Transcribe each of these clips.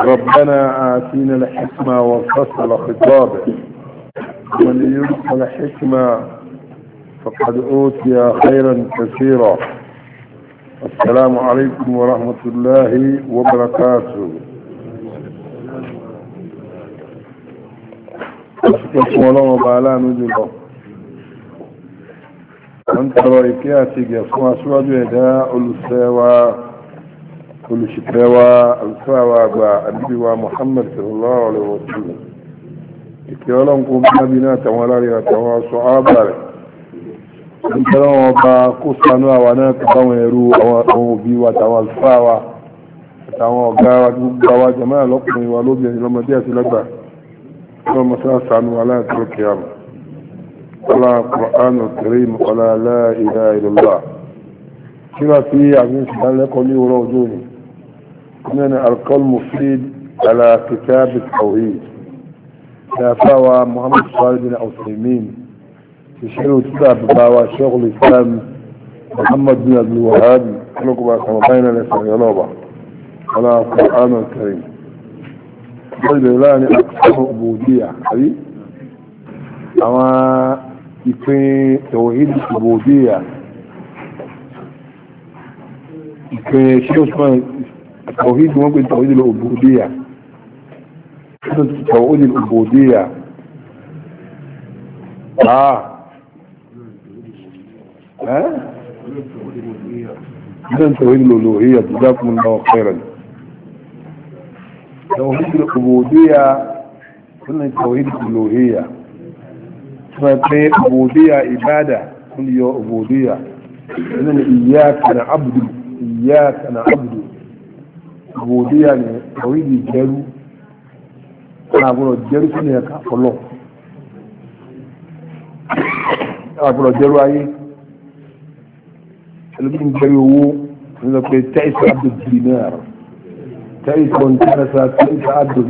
ربنا آتينا الحكمة وفصل خطابه ومن يلقى الحكمة فقد أوتي خيرا كثيرا السلام عليكم ورحمة الله وبركاته أشكركم الله وبعلا نجله أنت رأيكياتك يا سوى سوى بيداء السوى olùṣìpẹ̀wà alùsọ́wà àgbà àdúgbò Muhammad sallallahu alaihi wa sallam ìpè ọlọ́nkó bábí náà tàwọn alárí àtàwọn aṣọ ààbàrẹ̀ nítorí wọn bá kó sanú àwa náà tó báwọn ẹrú àwọn òbí wa tàwọn alùsọ́wà àtàwọn ọ̀gá wa tó gbà wá jẹ́ máa lọ́kùnrin wa lóbìnrin lọ́mọdé àti lọ́gbà tó mọ̀ sáà sanú aláàtúrò kìámù ọlá kùránù kìrìm ọlá aláìlá ìlọ́lá kí wá sí àgbẹ̀sìdánlẹ́kọ̀ọ́ ní òwúrọ̀ ọjọ́ òní أننا القى مفيد على كتاب التوحيد شافاوى محمد صالح بن عثيمين شنو كتاب باوا شغل الإسلام محمد بن عبد الوهاب لكم سمعين لسان يلوبا على القرآن الكريم قلت لاني أقسم عبودية حبيبي أما يكون توحيد العبودية يكون اسمه التوحيد ممكن توحيد العبودية توحيد العبودية اه ها هذا توحيد الألوهية جزاكم الله خيرا توحيد العبودية كنا توحيد الألوهية سنة العبودية عبادة يا عبودية إذن إياك عبد إياك أنا عبد àwọn òde yà ní àwọn ìdí ìjẹrú àgbọ̀rọ̀ jẹrú sí ní ẹ̀ka ọlọ́ àgbọ̀rọ̀ jẹrú ayé ẹlẹ́bí ń jẹrú owó ní lọ pé tẹ́ẹ̀sì abdul dinar tẹ́ẹ̀sì kọ́ńtẹ́rẹ́sà tẹ́ẹ̀sì abdul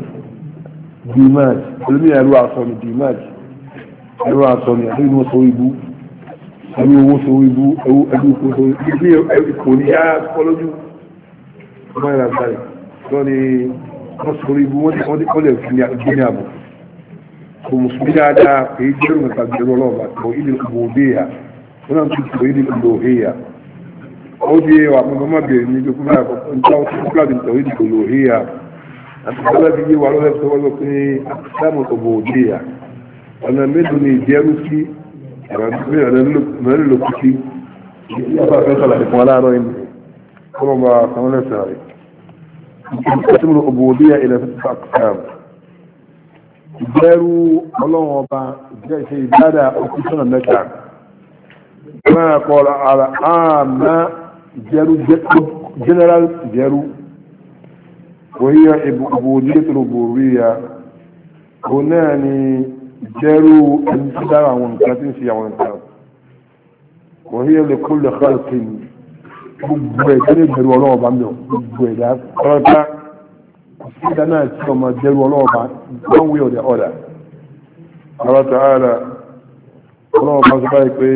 dinar ẹlẹ́bí ẹ̀rú àsọ ní dinar ẹ̀rú àsọ ní ẹ̀rú ìmọ̀ sọ ibú ẹ̀rú owó sọ ibú ẹ̀rú ìkó sọ ibú ẹ̀rú ìkó ní yá kọ́lọ́jú wọ́n yàrá balẹ̀ wọ́n ni wọ́n sọ̀rọ̀ ibu wọ́n ti kọ́lẹ̀ gbé ní àbò kò mùsùlùmí dáadáa èyí jẹ́rù nípa gbẹ̀rù ọlọ́ọ̀bà tó ìdí ìbò dé yà wọ́n náà tún tó ìdí ìbò dé yà ó di wà mọ́ mọ́ bẹ̀rẹ̀ ní ibi kúmọ̀ àkọ́kọ́ nípa ó tún kíláàdì tó ìdí ìbò dé yà àti bọ́lá ti yé wa lọ́lẹ́ tó wọ́n lọ pé sáàmù ìbò dé yà ọ̀nà mélòó ni ìjẹ́rù sí ọ̀nà mélòó ló kú sí ìyá bá fẹ́ sọ̀rọ̀ àti fún aláàárọ̀ yìí قربا ثمانية ساري تقسم العبودية إلى ستة أقسام جاروا الله وبا جاي شيء بدا أقسم النجار ما قال على عام جاروا جنرال جاروا وهي عبودية الربوبية هنا جاروا انتدار عن كاتين في عن وهي لكل خلق gbogbo ẹ̀dá lè bẹ̀rù ọlọ́ọ̀bá mi ò gbogbo ẹ̀dá pátá ìdá náà tí ọmọ bẹ̀rù ọlọ́ọ̀bá one way or the other Allah ta'ala ọlọ́ọ̀bá sọ báyìí pé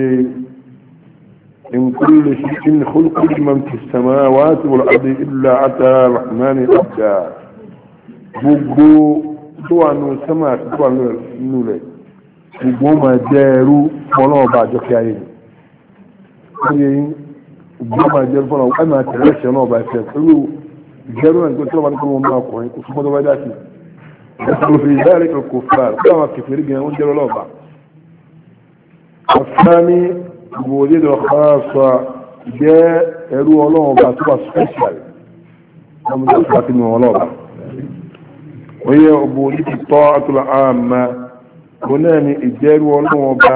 in kulli shay'in khulqu man fi samawati wal ardi illa ata rahmani abda gbogbo tó wà nù sẹ́mà tó wà nù rẹ̀ gbogbo ọmọ ẹ̀dẹ́rú ọlọ́ọ̀bá àjọkẹ́ ayé ni ìjọba ìjẹun fọlọ wọn máa tẹ̀lé ẹ̀ṣẹ̀ náà bá ẹ̀ṣẹ̀ pẹ̀lú ìjẹun náà nígbà tí wọ́n bá ní kó wọn máa kọrin kó súnmọ́ tó bá dá sí ẹ̀sùn ìdáre kan kò fà bí àwọn kẹfìrí gan ó jẹ́ lọ́ba ọ̀sánmi ìwòye lọ kan sọ jẹ́ ẹrú ọlọ́run bá tó bá special ọmọ tó bá tinú ọlọ́ba wọ́n yẹ ọ̀bọ̀ ti tọ́ àtúlà àmà òun náà ni ìjẹ́rú ọlọ́run ọba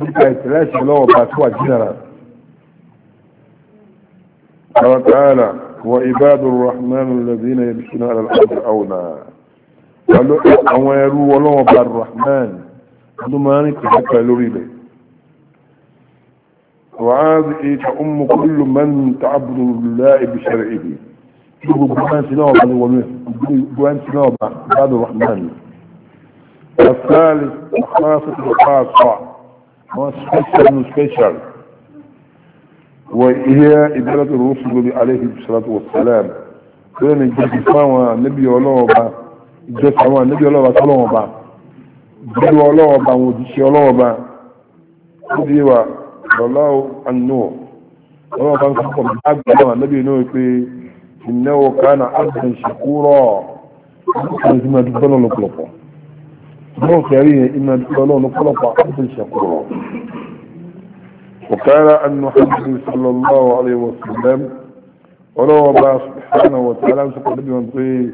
nípa ìtẹ̀lẹ́sìn ọlọ́run ọba tó wà jìnnà قال تعالى وعباد الرحمن الذين يمشون على الارض اولى قالوا اما يروا ولو الرحمن قالوا ما انك حتى لريبه وعاد ايت ام كل من تعبد الله بشرعه بوان سلاوة بوان سلاوة عباد الرحمن الثالث خاصة الخاصة ما سبيشل نو سبيشل وهي إدارة الرسل عليه الصلاة والسلام لأن الجسمة نبي الله با الجسمة نبي الله صلى با جل الله با وجيش الله با ديوا والله النور الله كان سبحانه وتعالى نبي نوح في إنه كان عبدا شكورا لازم تبلغ لك لك نو كريم إما تبلغ لك لك عبدا شكورا وقال أن محمد صلى الله عليه وسلم ولو الله سبحانه وتعالى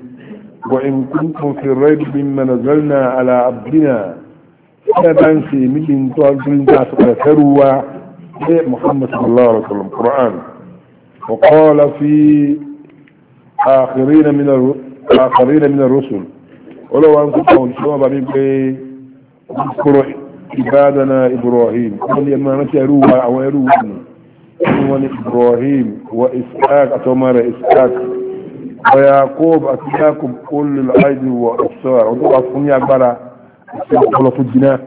وإن كنتم في الريب مما نزلنا على عبدنا فلا في من تعبدون تسقطوا محمد صلى الله عليه وسلم القرآن وقال في آخرين من آخرين من الرسل ولو أنتم قولتم بني بي اذكروا عبادنا إبراهيم قال لما نتعروا أو يروون عنوان إبراهيم وإسحاق أتمر إسحاق ويعقوب أتياكم كل العيد والأبصار وضوء أصفهم يا عبارة أصفهم في الجناة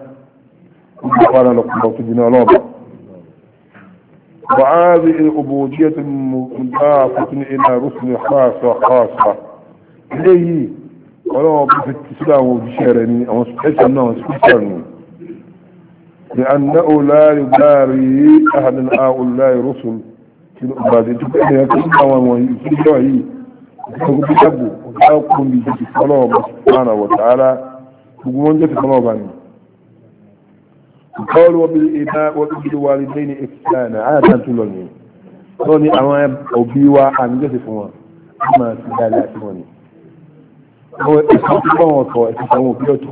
قال لكم في الجناة لهم وهذه العبودية مضافة إلى رسل خاصة خاصة إليه ولو بفتسلام وبشيرني أو سبحانه وسبحانه لأنه لا يباري أحد هؤلاء الرسل في الأباد تبقى يكون ويسجعي يكون بجبه ويكون بجد الله سبحانه وتعالى يقولون جبه الله بني قال وبالإباء وبالوالدين إحسانا عادة تلوني تلوني أما أبيوا عن جبه فما أما سبالة تلوني هو إسحاق الله وطوى إسحاق الله وطوى إسحاق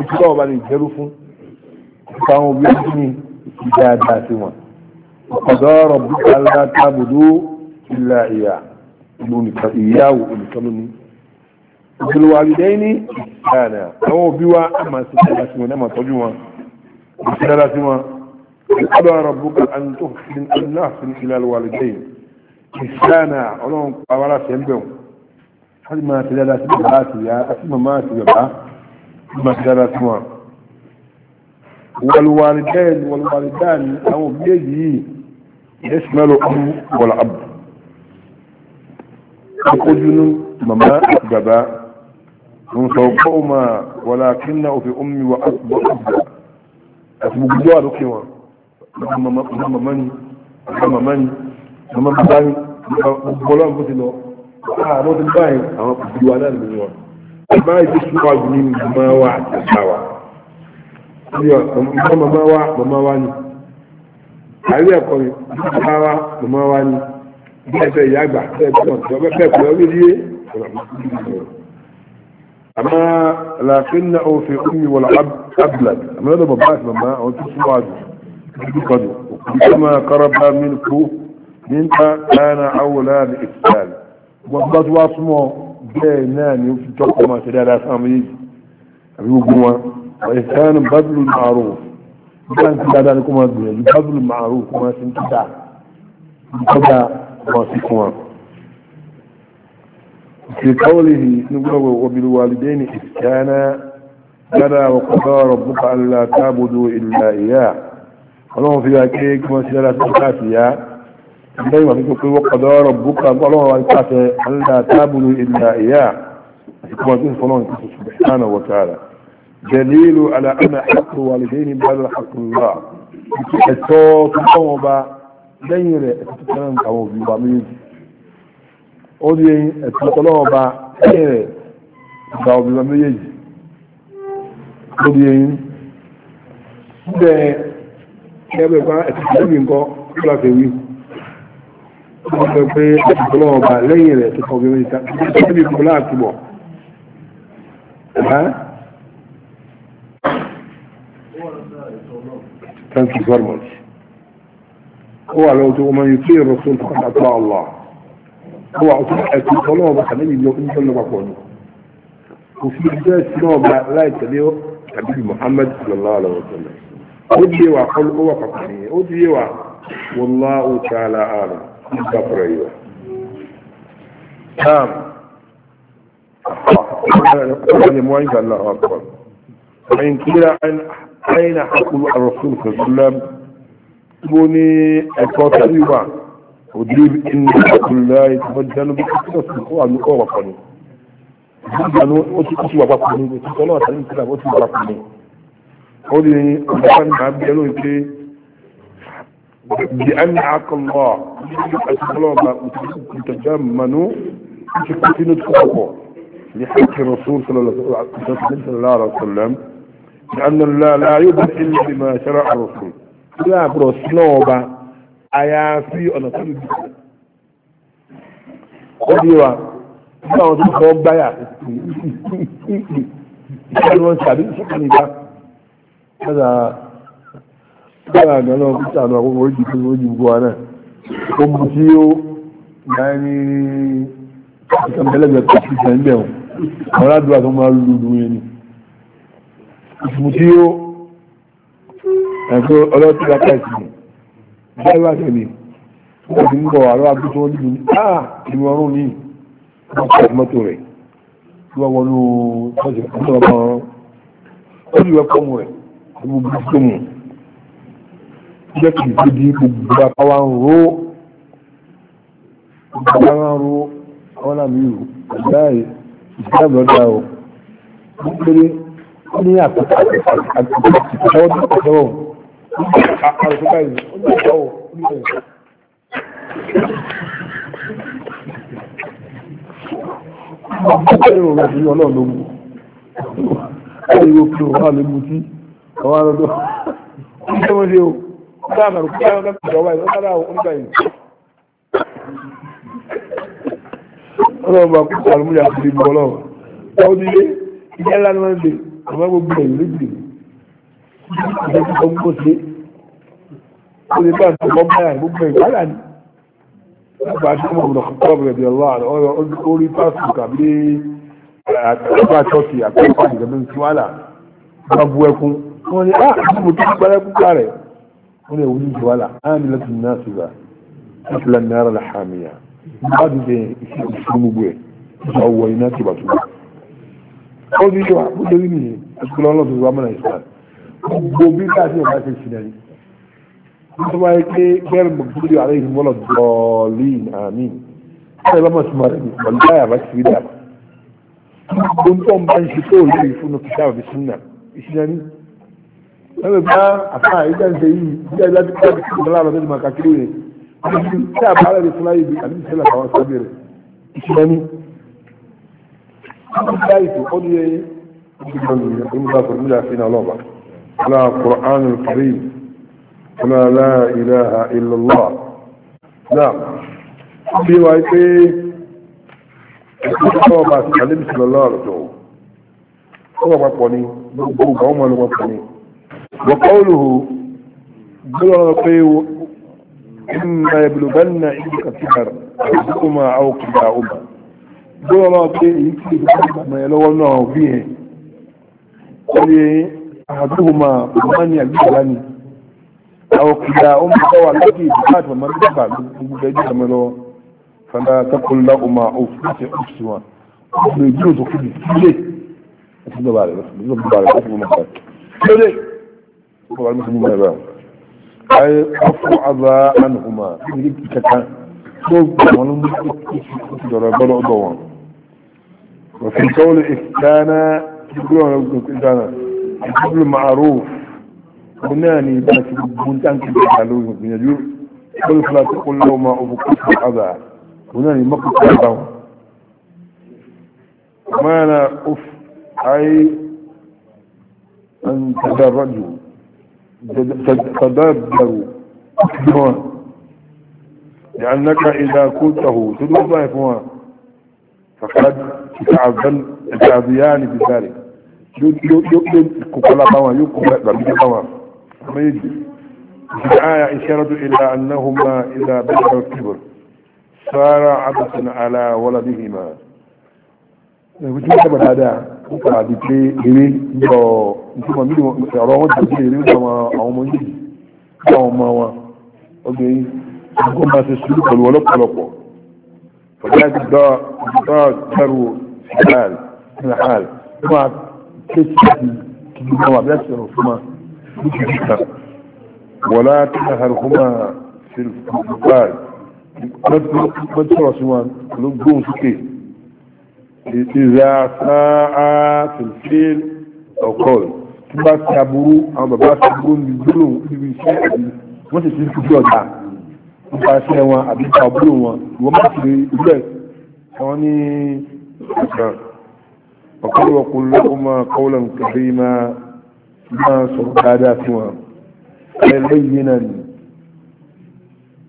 الله وطوى إسحاق الله وطوى káwọn bí wọ́n ní dáadáa sí wọn ọ̀dọ́ ọ̀rọ̀ bí aláà tábùdó ilà ìyá ìyáwó olùkọ́lù ní ìgbìlúwàlùdẹ́ ní dáadáa àwọn òbí wa a máa ṣe dáadáa sí wọn náà máa tọ́jú wọn ṣe dáadáa sí wọn ọ̀dọ́ ọ̀rọ̀ bí aláà tó fi náà ilà ìwàlùdẹ́ ìsáànà ọlọ́run pàwárà sẹ́ńbẹ̀wò láti máa ṣe dáadáa sí bàbá àti ìyá àti màmá àti bàbá láti máa ṣe dáadáa sí wọn والوالدين والوالدان أو بيجي اسم الأم والأب أخجن مما أبدا من فوقهما ولكنه في أمي وأب وأب أسبق جوار كيوا مما من مما من مما بداني بولان بطلو آه نوت الباين أما بدوانا المليون الباين بسوا جنين ما وعد الشاوات ọmọ mama wa mama wa ni àrí ẹ̀kọ́ ni mama wa mama wa ni bẹ́ẹ̀ bẹ́ẹ̀ ìyá àgbà bẹ́ẹ̀ bẹ́ẹ̀ bẹ́ẹ̀ kọ́ ọ́rí rí àmọ́ làáfin náà ó fi omi wọ̀ lọ abdulad àmọ́ lọ́dọ̀ bàbá àti màmá àwọn tó súnmọ́ àdùn ojú kọdù òkú tó máa kọ́rọ́ bá mi kú nípa káàna àwòlá àti ìfìyàlì wọ́n bá tó wá súnmọ́ bẹ́ẹ̀ náà ni ó fi tọ́kọ̀ máa ṣe dáadáa sáà méjì àbí gbogbo wọn وإحسان بدل المعروف كان في أن ما أدري بدل المعروف ما سنتدع بدل ما سيكون في قوله نقول وبالوالدين إحسانا جدا وقضى ربك ألا تعبدوا إلا إياه الله في ذلك ما سيلا سيكاسيا دائما يقول وقضى ربك الله ألا تعبدوا إلا إياه يقول فلان سبحانه وتعالى دليل على أن حق والدين بل حق الله التوت الأوبة دير التكلم أو في ضمير أودي التوت الأوبة دير أو في ضمير أودي ده kẹ́bẹ̀ bá ẹ̀tùtù nǹkan kíláàfẹ́ wí wọ́n fẹ́ pé ìpínlẹ̀ ọba lẹ́yìn rẹ̀ tó kọ̀ọ̀bí orí ìta ìpínlẹ̀ ìpínlẹ̀ àtìbọ̀ كانت you هو لو من يطيع الرسول فقد أطاع الله هو أطاع الصلاة وخليه لو إن شاء الله بقوله وفي بداية سنة لا يتبعه حبيب محمد صلى الله عليه وسلم أدي وقل هو فقني أدي والله تعالى أعلم كفر أيوه نعم أنا مؤمن الله أكبر فإن كلا أن aina haqqul rasul sallam mo ní ẹ̀kọ́ tẹ́lẹ̀ wà òdìrí inú ìpínlẹ̀ ìtọ́jẹ́nu bí kíkọ́ sí kó àmì kọ́ wàpọ̀ ni ìgbàlú ó ti kúṣù wàpapọ̀ ni ó ti tọ́lọ́ àtàlẹ́ ìtura ó ti wàpapọ̀ ni ó ní ọ̀dọ́fà ní àbí ẹ̀rọ ìpè bí a ní akọ̀lọ́ àtìkọ́lọ́ ọba ìtọ́jẹ́manu ó ti kú sínú tó kọ̀kọ̀ ní hakki rasul sallallahu alaihi wa sallam لأن الله لا يبدأ إلا بما شرع الرسول لا برو سنوبا àyàfi ọ̀nà tó lùdì ó di wa nígbà wọn tó kọ́ báyà ìṣẹ́ ni wọ́n ṣàbí ìṣẹ́kùn ìgbà ṣẹ́dá báyà gánà kúta àwọn akókò orí jìkú orí jìkú wa náà ó mú sí ó náà ní ìkàmbẹ́lẹ́gbẹ̀ẹ́ kò sí ìṣẹ́ ń bẹ̀ wọ́n àwọn aládùúgbò àti ọmọ alùlù ni ìfún tí ó ẹ̀kọ́ ọlọ́tí lápá ìsìn bẹ́ẹ̀ láti ẹ̀mí wọ́n ti ń bọ̀ àrọ́ agbóso wọn nínú áà ìlú ọrún ní ọkọ̀ ìmọ́tò rẹ̀ tí wọ́n ah, wọnú ọjọ́ ìpínlẹ̀ ọmọ olùwẹ̀ kọ́mù rẹ̀ gbogbo tó mù jẹ́ kì í fi di gbogbo apáwa ń ro gbogbo apáwa ń ro àwọn àmì ìrù ìgbà ìgbà ìgbà ìgbà ìgbà ó ní àtúntò Ọ̀pọ̀lọpọ̀ ìròyìn ọlọ́run ló mú. Ẹ̀rọ kí o wà lè mú tí ọwá lọ́dọ̀. Ṣé wọ́n ṣe o? Dáàmà rò kúrò lọ́pọ̀ ìjọba ìrọ́kádà oníkà ìlú. Ọlọ́run bá kúrò àlùmúyà sí ìbọn ọlọ́run. Ó dílé, ìjẹ́ ńlá ni wọ́n ń àwọn gbogbo ẹ̀yìn méjì ìjọ tí wọ́n gbọ́ sí ó lè bá àtọ̀kọ́ báyà gbogbo ẹ̀yìn báyà ni nígbà tí wọ́n mọ̀ kọ́ bẹ̀rẹ̀ bí ọlá orí pásítọ̀ tàbí àgbà ṣọ́ọ̀kì àkọ́kọ́ ìjọba ń tí wàhálà bá bu ẹkún wọ́n ní ah bí mo tún gbára ẹkún wọ́n bí wà bó lórí nìyí ìpínlẹ̀ ọlọ́dún wa mọ́nà ìsìlá gbogbo bí káàkiri ọ̀gá ṣe ṣìlẹ̀ rí wọ́n tó wáyé pé bẹ́ẹ̀rù mọ̀gbìlì ààrẹ yìí mọ́lọ̀ dọ̀ọ̀lì àmì ṣáà ìbámu ṣùgbọ́n rẹ̀ ní pẹ̀lú báyà bá ti rí dà gbogbo ń tọ́ ń bá ń ṣe tó lórí fún un kìṣà òbí sínú ìṣìlẹ̀ rí lọ́wọ́ bá àfáà ìjà ń ṣe yìí ìjà ìjà ti pẹ́ kí ìgbàlá lọ́dún máa kàkiri rẹ̀ ṣáà bá láìsí ó ní ìgbà pẹ̀lú àfihàn ọlọ́ba ọlá Qur'an al-Karim ọlá la ilaha illallah náà bí wá pé ẹ̀kọ́ tó ọba àti àlébì sí lọ́lọ́ àrùtọ̀ ó wà papọ̀ ni gbogbo ọgbà ọmọ ọlọ́wọ́ pọ̀ ni wọ́pọ̀ olùhù gbọ́dọ̀ pé إما يبلغن عندك كبر أحدهما أو كلاهما gbọ́wọ́ máa pé èyí tí ìgbà ìgbàmọ̀ ẹ̀ lọ́wọ́ náà bí ẹ̀ ó lè àdúgbò máa ọmọ ní àgbégbà ní àwọn kìlá ó máa tọ́wà lókè ìdíkàtì màmá ní bàbá gbogbo ẹjọ́ ìgbàmọ̀ lọ́wọ́ fana takùn lá ọmọ òfin àti òfin wọn ó lè dúró tó kébì sílé àti bàbá rẹ̀ bàbá rẹ̀ fún bàbá rẹ̀ lóde bàbá rẹ̀ fún bàbá rẹ̀ ayé ọ̀fọ̀ àbá ànàkùnmá ìdíkàtà وفي قول إفتانا يقولون إفتانا الحبل معروف هناني بس من تنك بالحلول من يجور قل فلا تقول له ما أفكت الأذى ما مقت الأذى ما أنا أف أي أن تدرجوا تدرجوا لأنك إذا كنته تدعو الله فما فقد تعذل تعذيان بذلك يؤمن كفلا طوى يكفلا بطوى ما يجي في الآية إشارة إلى أنهما إذا بلغ الكبر صار عبثا على ولدهما وجود هذا nípa àdìpé eré lọ ìtumọ̀ mílíọ̀nù ọ̀rọ̀ wọn jẹ́ eré lọ́wọ́ àwọn kó máa ṣe sùúrù pẹ̀lú ọlọ́pọ̀lọpọ̀ fọ̀dá ti dọ́ dẹ́rù ṣáàl ṣáàl tó máa ké sí ti kìí kan wà bẹ́ẹ̀ sọ̀rọ̀ fún ma ní kìí kan wọ̀lá tó máa hàrù fún ma ṣe fúlùfáàl wọ́n sọ̀rọ̀ sí wọn ló gbóhùn sókè ìzà sáà fìlfìl ọ̀kọ́ọ̀lù tí bá ti aburú àwọn bàbá ti aburú ní gbólóhùn níbi iṣẹ́ àti wọ́n sì ti ń fojú ọ̀dà nípa ẹsẹ̀ wọn àbí nípa àbúrò wọn ìwọ́n má ti ìlú ẹ̀ wọn ní ọ̀sán ọ̀kọ́lù ọkùnrin lọ́kọ́ máa kọ́wọ́lọ̀ nkàrí máa máa sọ̀rọ̀ dáadáa sí wọn ẹlẹ́yìn náà ni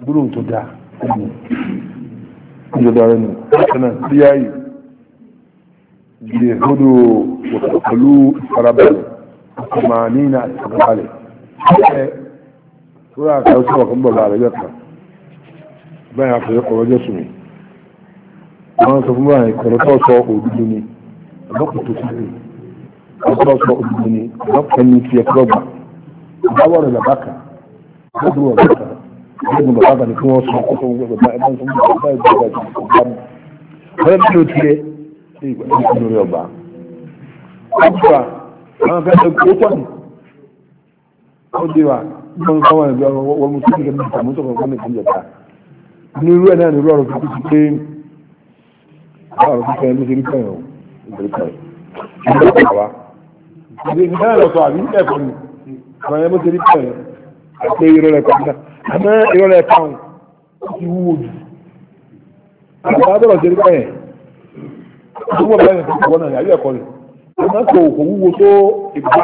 gbúrò tó dáa ẹni ìjọba rẹ̀ nù ọ̀sánà tí a yìí gbèrèdò pẹ̀lú ìfarabalẹ̀ ọkọ̀ máa ní ìnà ìfarabalẹ̀ ẹ̀ tó rà kàó sí ọkọ̀ ń bọ̀ láàrẹ̀ yọ̀kan báyìí àfẹ́ ọ̀rọ̀ jésù mi wọ́n sọ fún báyìí kọ̀rọ̀ tó sọ òdodo ni ọlọ́pàá tó fún mi ọ̀tọ́ sọ òdodo ni ọlọ́pàá ní ti ẹ̀kọ́ gbà báwọ̀ rẹ̀ bàbá kan gbọ́dọ̀ wọ̀ bàbá kan gbọ́dọ̀ bàbá kan ni kí wọ́n sọ ọkọ̀ tó gbọ́dọ̀ bàbá ẹ̀ bá ń sọ bàbá ẹ̀ gbọ́dọ̀ bàbá mi ọ̀rẹ́ mi ló tiẹ̀ ṣe ìgbà tó ń lórí ọba ọba àwọn akẹ́kọ̀ọ́ tó pọ̀ ní ó dé wa wọ́n kọ́ wọn ẹ̀gbẹ́ wọn mú sí ìgbà mú sọ̀rọ̀ wọn ní ìpínlẹ̀ ta ní irú ẹ̀ náà ní irú ọ̀rọ̀ tuntun ti pé ọ̀rọ̀ tuntun ẹ̀ ló ṣe ń pẹ̀ ọ́ ìbẹ̀rẹ̀ pẹ̀ ìbẹ̀rẹ̀ pẹ̀ wá. ìdè ní náà lọ́sọ̀ àbí ẹ̀kọ́ ni àwọn ẹ̀ ló ṣe ń pẹ̀ àti ìrọ̀lẹ̀ pàdé àmọ́ ìrọ̀lẹ̀ pàwọn ó ti wúwo jù. àbá bọ̀rọ̀ ṣe ń pẹ̀ àbúrò bẹ́ẹ̀ ni ìwọ náà yàrá ẹ̀kọ́ ni àmọ́ kò kò wúwo tó ìgbà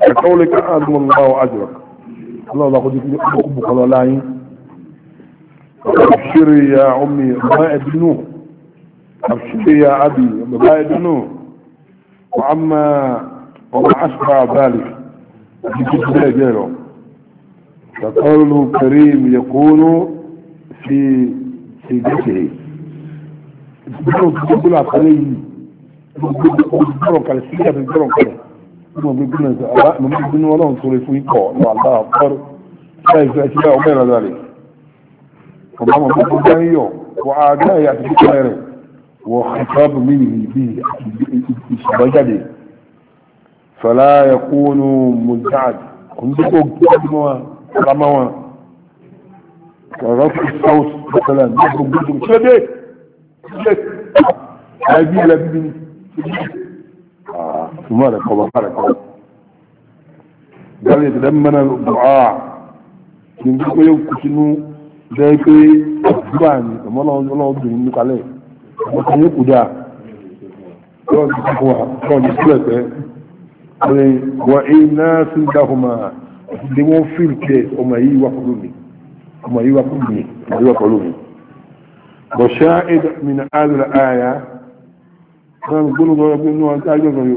كقولك أعظم الله أجرك الله لا قد يكبك الله لاين أبشري يا أمي ما أدنوه أبشري يا أبي ما أدنوه وعما وما أشبع ذلك يكتب جيره فقوله كريم يكون في في جسده يقول عليه يقول على السيئة في الجرم كله mo gbé gbé náà sọ mo gbé gbé wọn náà sọ̀rọ̀ fún ikọ lọ àlá àpọrọ ṣáà ìfẹ́ àti báyọ ọmọ ìrànlá rẹ bí ìṣàbájáde تبارك وبارك قال يتلمنا الدعاء من ذلك يوم كسنو ذلك أخباني أما الله الله أبدو إنك عليه أما كان يقدا كان يسلك وإنا سندهما لمن في الكيس أما هي وقلوني أما هي وقلوني أما هي وقلوني وشاهد من هذه الآية كان يقولوا له يقولوا له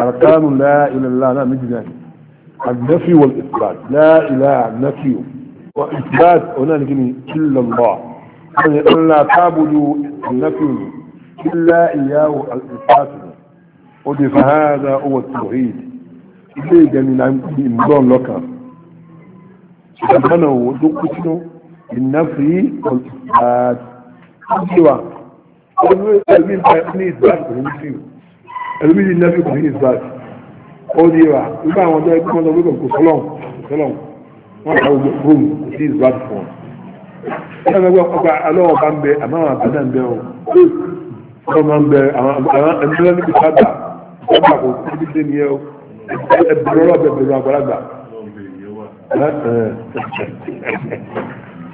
أركان لا إله إلا الله مجنان يعني. النفي والإثبات لا إله نفي وإثبات نجني إلا الله يعني أن لا تعبدوا النفي إلا إياه الإثبات ودي فهذا هو التوحيد إليه جميل عن نعم، إمضان لك سبحانه ودقته بالنفي والإثبات أجوا قالوا يتعلمين بأني إثبات ونفيه ẹlòmí ní nẹ́fì kò ní his back ó ní wa nígbà àwọn ọjọ́ ẹgbẹ́ wọn lọ wípé kò sọlọ́n sọlọ́n wọn kà wọ bóun kò sí his back fún ọ ẹ lọ́wọ́ ọgbà alọ́wọ́ bá ń bẹ àmọ́ àwọn àbádà ń bẹ ọ ọ máa ń bẹ àwọn ẹgbẹ́ níbi sábà sábà kò síbi dé ní ẹ ọ ẹbùrọ̀ lọ bẹ bẹ̀rù àgbàlagbà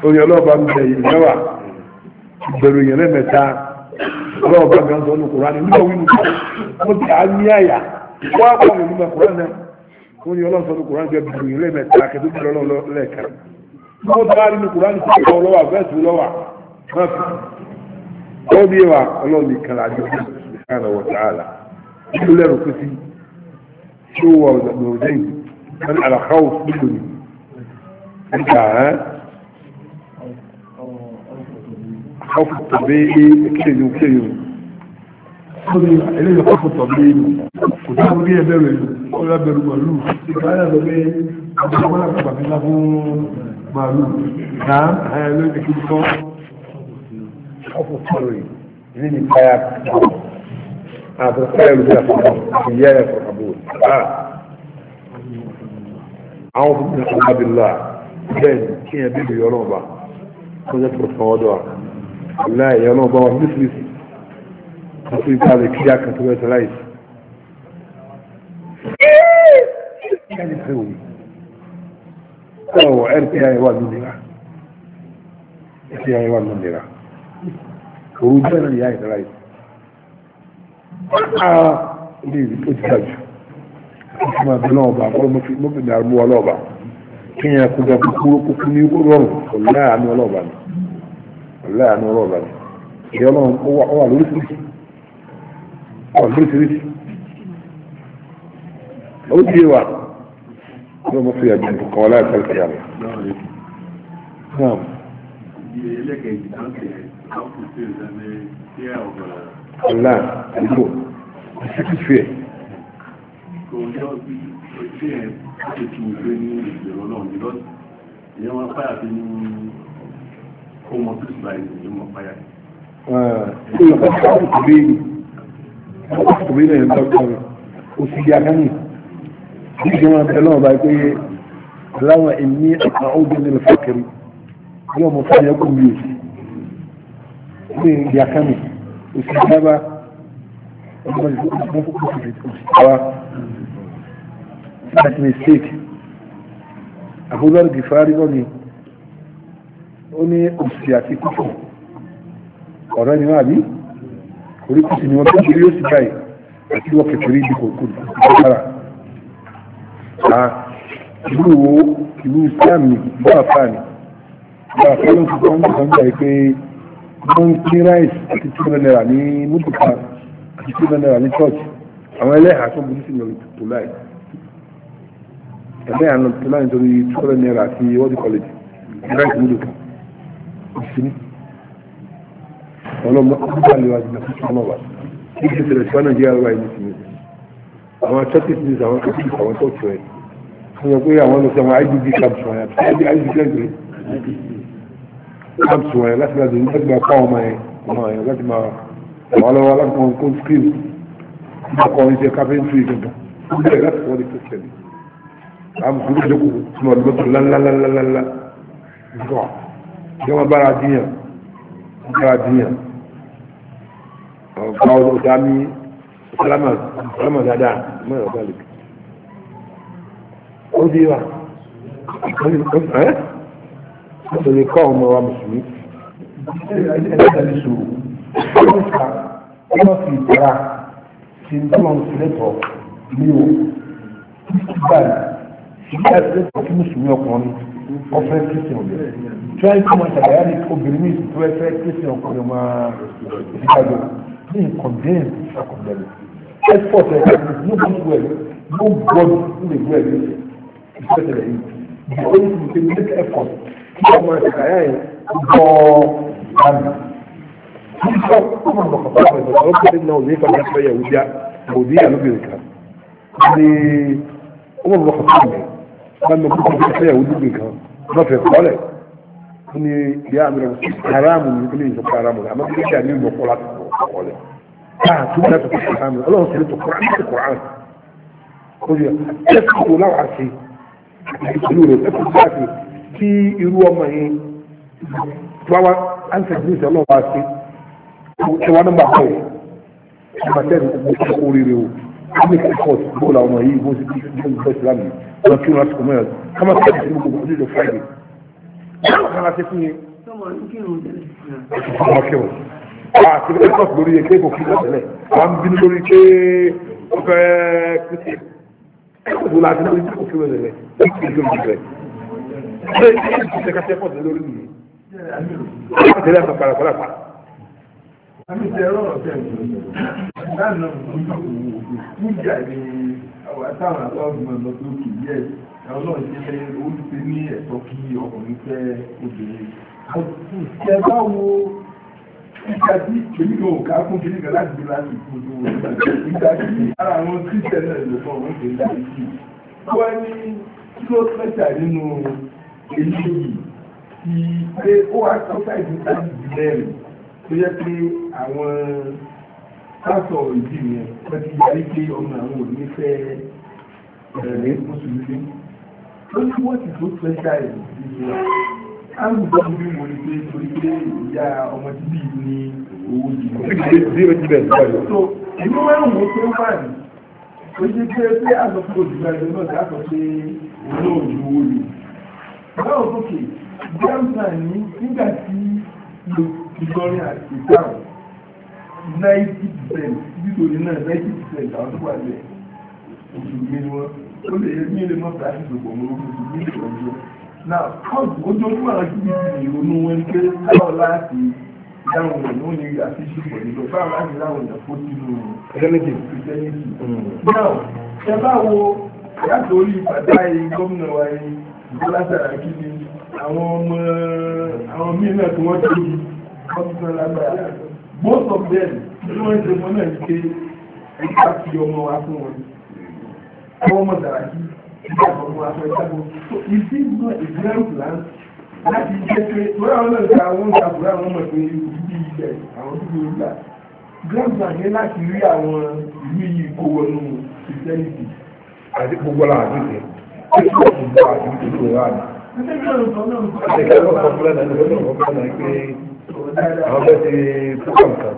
oyin ọlọ́ọ̀bá ń bẹ ìyẹn wà bẹ̀rù ìyẹn lẹ́mẹ̀ta ọlọ́wọ́ bá gan sọ́nù kùránì nígbà wínú kọ́ wọ́n ti àmì àyà wọ́n á pààyàn nígbà kùránì náà wọ́n ní ọlọ́wọ́ sọ́nù kùránì fẹ́ bìrì yìí lẹ́mẹ̀ta kẹtù bí ọlọ́wọ́ lẹ́ẹ̀kẹ́ wọ́n ti àmì kùránì sí ọkọ̀ ọlọ́wà bẹ́ẹ̀sì lọ́wà wọ́n bí wa ọlọ́wọ́ ní kan láti fi sùkánà wọ̀ sàálà nínú lẹ́rù kú sí ṣó wà ọ̀dọ̀ kọ́fù tọ̀bí kílèyìn kílèyìn eléyìí kọ́fù tọ̀bí kò tí wọ́n bí ẹgbẹ́ rẹ̀ ọlọ́ bẹ̀rù màálù ìgbàlẹ̀ lọ pé àbúrò àgbàmílá fún màálù náà àyà ló ti kí kọ́ kọ́fù tọ̀rì ilé ní káyà àbúrò káyà ló ti àfọ̀kọ́ ìyá ẹ̀ fọ̀ àbúrò àwọn fún mi ní àbábílà bẹ́ẹ̀ ni kí ẹ bí mi yọ ọlọ́ọ̀bà tó jẹ́ tó fọwọ́dọ̀ àná ìlà ẹ̀yọ́ náà bá wà nífìlìsì wọ́n sì bá lè kíyà kan tó bẹ́ẹ̀ sọ láìsí. Ọ̀wọ̀ ẹ̀rìkì ayé wà lónìí ẹ̀rìkì ayé wà lónìí rà. Òru jẹ́ náà ìyá ìdára yìí. Á ilé ìlú tó ti dájú. Ó ti máa bẹ̀rẹ̀ ọba àkọ́lọ́ mọ́fìdí àrùn wa lọ́ọ̀bà. Kí ni a kó jọ kúkúrú láàánú ọ̀rọ̀ ọ̀la ni ìyá ọlọ́run ó wà lóríṣiríṣi ó wà lóríṣiríṣi ó ti yé wa ló mọ̀ sí ẹ̀gbìn kọ̀ọ̀kan wọlé àti ẹ̀ka yàrá. Ọ̀la àdúgbò ìṣíkí fìyẹ. Ìyẹn wọn fáyà fi ní kó mọ tó sì bá ìlú yìí mọ fáyà. ọkọ bẹ́ẹ̀ni ọkọ bẹ́ẹ̀ni ẹ̀ ń tọ́jú ọ̀rọ̀ òsì di akánì bí ìjọba ẹ̀ lọ́wọ́ báyìí pé láwọn ẹ̀mí àwọn obìnrin lè fọ́kẹ́rì ọlọ́mọ fáyà kò wí òsì ní ìdí akánì òsì dábàá ọmọ ìfowópamọ́ fún òsì dábàá láti mistake àbúrò ìfárí lọ́nìí ó ní òsì àti kúfù ọ̀rẹ́ ni wọ́n àbí orí kùsì ni wọ́n tó kiri yóò sì báyìí àti wọ́n kékeré ibi kò kú ìgbàlára à ìlú wo ìlú Islam ni bá àfà ni bá àfà ló ń fi kọ́ ń gbà ń gbà pé wọ́n ń pín ráìsì àti two hundred naira ní mùtùkà àti two hundred naira ní chọ́ọ̀chì àwọn ẹlẹ́hàá tó burú sí ní ọ̀rẹ́ tó láì ẹlẹ́hàá tó láì nítorí two hundred naira àti wọ́ọ̀dì kọ́lẹ́jì ráìsì mùtùkà òfin ọlọ́mọ ọdún àlewà jùlọ fún ọmọ wa kí ṣe tẹ̀lé sí nàìjíríà wà ní ìsinmi àwọn churches ní àwọn churches àwọn tó tẹ̀ wọ́n yẹ pé àwọn lọ sí àwọn IDB camps wọn yà àti IDB kẹ́gbẹ́ camps wọn yà láti láti láti máa kọ́ ọmọ yẹn ọmọ yẹn láti máa àwọn ọlọ́wọ́ láti máa kó skill nípa kọ́ iṣẹ́ carpentry gangan ó bẹ̀rẹ̀ láti wọ́n ní christian àbùkù ló dẹ́kun tí wọ́n lọ́tọ̀ lálálálálá nígbà gẹ́wọ́n bára díyàn bára díyàn ọ̀gá ọ̀dá mi sálámà dáadáa mọ́rin ọ̀gá lè ó di wa ẹ́ ó lè kọ́ ọmọ wa mùsùlùmí ẹ̀ẹ́dẹ́gbẹ̀rẹ̀ sòrò ó ní ká ọmọ fi ìtara ti ń tọ́lọ́ sílẹ̀tọ̀ mi ò ní kí báyìí ìgbà sílẹ̀tọ̀ kí mùsùlùmí ọkùnrin ọfẹ kristian obìnrin tíwáyé kọ́ máa ṣàlàyé ní obìnrin ní ìsìnkú ẹfẹ kristian ọkùnrin máa ìdíkàjọ ní ìkọ̀ndẹ́ẹ̀n ìṣàkọ̀ndẹ́ẹ̀n export ẹ̀ ní gbogbo ẹ̀ ló gbọ́dọ̀ ní ìlú ẹ̀ ní ìfẹ́sẹ̀lẹ̀ yìí the only thing to make effort kí ọmọ ìṣàlàyé yẹn gbọ́ àmì nígbà tó máa mọ̀ kọ̀ọ̀kan ọ̀rọ̀ ìgbà tó kéde náà òye kan láti fẹ́ yẹ̀ wúdíà òdí àlóbìnrin kan ní ọmọ ìwọ̀n kọ̀ọ̀kan mẹ́rin bá mi kúkú fún fẹ́yàwó dúdú kan lọ́fẹ̀ẹ́ kọ́lẹ̀ ó ní ìyá mi rẹ̀ haramu ní ilé ìjọba haramu rẹ̀ àmọ́ kíkà ní ìmọ̀ kọ́lá tó kọ́ kọ́lẹ̀ káà tó bá tó kọ́ haramu rẹ̀ ọlọ́run sì tó kọ́ra ní kọ́ra rẹ̀ kó yẹ ẹ kí kò láwà sí ìlú rẹ̀ ẹ kò bá sí kí irú ọmọ yẹn wáwá ánsẹ̀ ní ìṣẹ́ ọlọ́run wá sí ṣe wá nọ́mbà kọ́ yẹ ọmọ public record bọ́ọ̀lù àwọn yìí bó ti bó ti bẹ́ẹ̀ sílámù wọn kí wọn láti kọ́ mẹ́rin kọ́mọ sí ẹ̀jẹ̀ nínú gbogbo nílò friday báwo kan láti fún yẹn. ọmọ kí wọn àti bí ẹ̀kọ́ lórí yẹn kéèkó kí wọn tẹ̀lé wọn bínú lórí pé ó fẹ́ kí ẹ̀kọ́ tó láti lórí kéèkó kí wọn tẹ̀lé ó kí wọn tẹ̀lé ṣé ẹ̀kọ́ tẹ̀lé lórí yìí àmì ti ẹ̀rọ ọ̀rọ̀ tẹ̀ lánàá níjà ni àwọn àtàwọn àtọ́gbọ̀n lọ tó kì í ẹ̀ àwọn náà ṣe lé olùfẹ́ ní ẹ̀tọ́ kí ọkùnrin fẹ́ obìnrin. ẹ bá wo ìjà tí èmi kò ká fún kí nìkan láti gbé láti fojú wọn ìjà tí ara àwọn kírísítẹ̀ náà lò fún àwọn ìgbé láti kí wọ́n ní kí ló tẹ̀sà nínú eléyìí tí pé ó wá sọ́kà ìdúrà ìdílé rẹ̀ tó yẹ pé àwọn sáàsọ̀ ìdí yẹn wọ́n ti yarí pé ọmọ àwọn ò ní fẹ́ ẹ̀rẹ̀ mùsùlùmí ó ní wọ́n ti tó special ìdíje àwùjọ bí mo ní pé torí pé ìyá ọmọ tí bí ní owó jù lọ. ìlú mẹ́rin wo tó wà ní ó ṣe pé pé àsọ̀kúrò ìgbà ìlú náà ti àsọ̀ pé òun náà ju owó lò. báwo sókè bí àwùjọ ní nígbà tí ìlọrin àti ìdáhùn ninety percent nítorí náà ninety àwọn tó wà lẹ̀ òṣùgbé ni wọ́n lè ní ilé mọ́ fàájì gbogbo ọmọ ogun òṣùgbé ní ọjọ́ náà kọ́ọ̀tù ojoojúmọ́ àwọn tí ti ronú wọn pé báwo láti dáhùn rẹ̀ ló ní àfíṣù pọ̀ nílò báwo láti dáhùn rẹ̀ fó sínú ẹgbẹ́mẹ́tì àwọn ọmọ àwọn míì tí wọ́n ti most of them the tí wọ́n ṣe mọ́ náà ṣe ẹ̀ka fi ọmọ wa fún wọn àwọn ọmọ dàrákì ìgbà ọmọ wa fún ẹ̀ka bọ̀ so ìsí náà ìgbéyàwó plan láti jẹ́ pé wọ́n àwọn náà ṣe àwọn ìṣàkóso àwọn ọmọ ìpè ìdíje ilẹ̀ àwọn tó gbé gbà gbàgbà ní láti rí àwọn ìlú yìí kó wọnú ìsẹ́yìntì àti gbogbo la àti ìsẹ́ tí ó sì gbọ́ àti ìsẹ́ tó rà ní àwọn bẹ́ẹ̀ ti fúkà nǹkan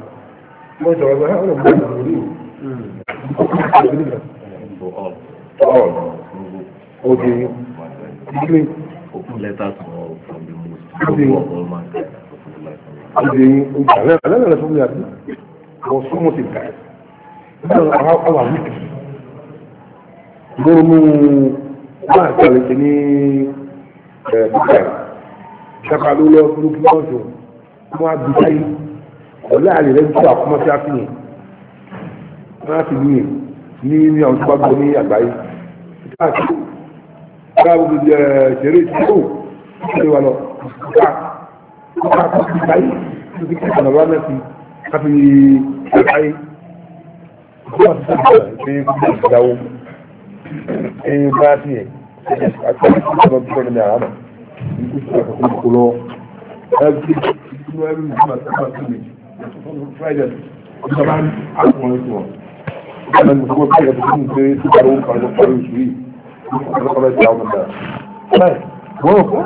wọ́n sọ wọ́n bá wọn bá wọn lórí o òde ilé open letters from the most powerful of all mankind òde ìgbà náà alẹ́ náà fún mi àbí wọ́n súnmọ́ sí ìgbà náà àwọn àwọn àwùjọ gbọ́rọ̀mù máa tẹ̀lé ní ẹ̀ẹ́dẹ́gbẹ̀rẹ̀ ṣàkàlù lọ sí lókùnmọ́sùn wọn á bi sáyé ọ̀lẹ́ àlè rẹ̀ tó àkọ́mọ́ sí àfihàn wọn á fi ní ní ní àwọn tó bá gbọ́ ní àgbáyé káàkiri káàkiri ẹ̀ ṣeré ìṣòro ṣe wà lọ káàkiri sáyé tó fi kí ọ̀nà wọn fi káfí àgbáyé wọ́n ti sọ̀rọ̀ ṣe é kí ìdáwó ẹ̀yìn bá tiẹ̀ àti ọ̀nà tó ń bọ̀ nínú àhámà ní kí ìṣòro kò lọ lọ ẹrú ìgbìmọ̀ sábà tó lè friday ọjọ́ bá ń àtúnwọ̀n ẹ̀sùn wọn ọjọ́ bá ń gbogbo bí ẹ̀sùn fún un pé síta ló ń parí lọ́pọ̀ lóṣù yìí ní ọ̀pọ̀lọpọ̀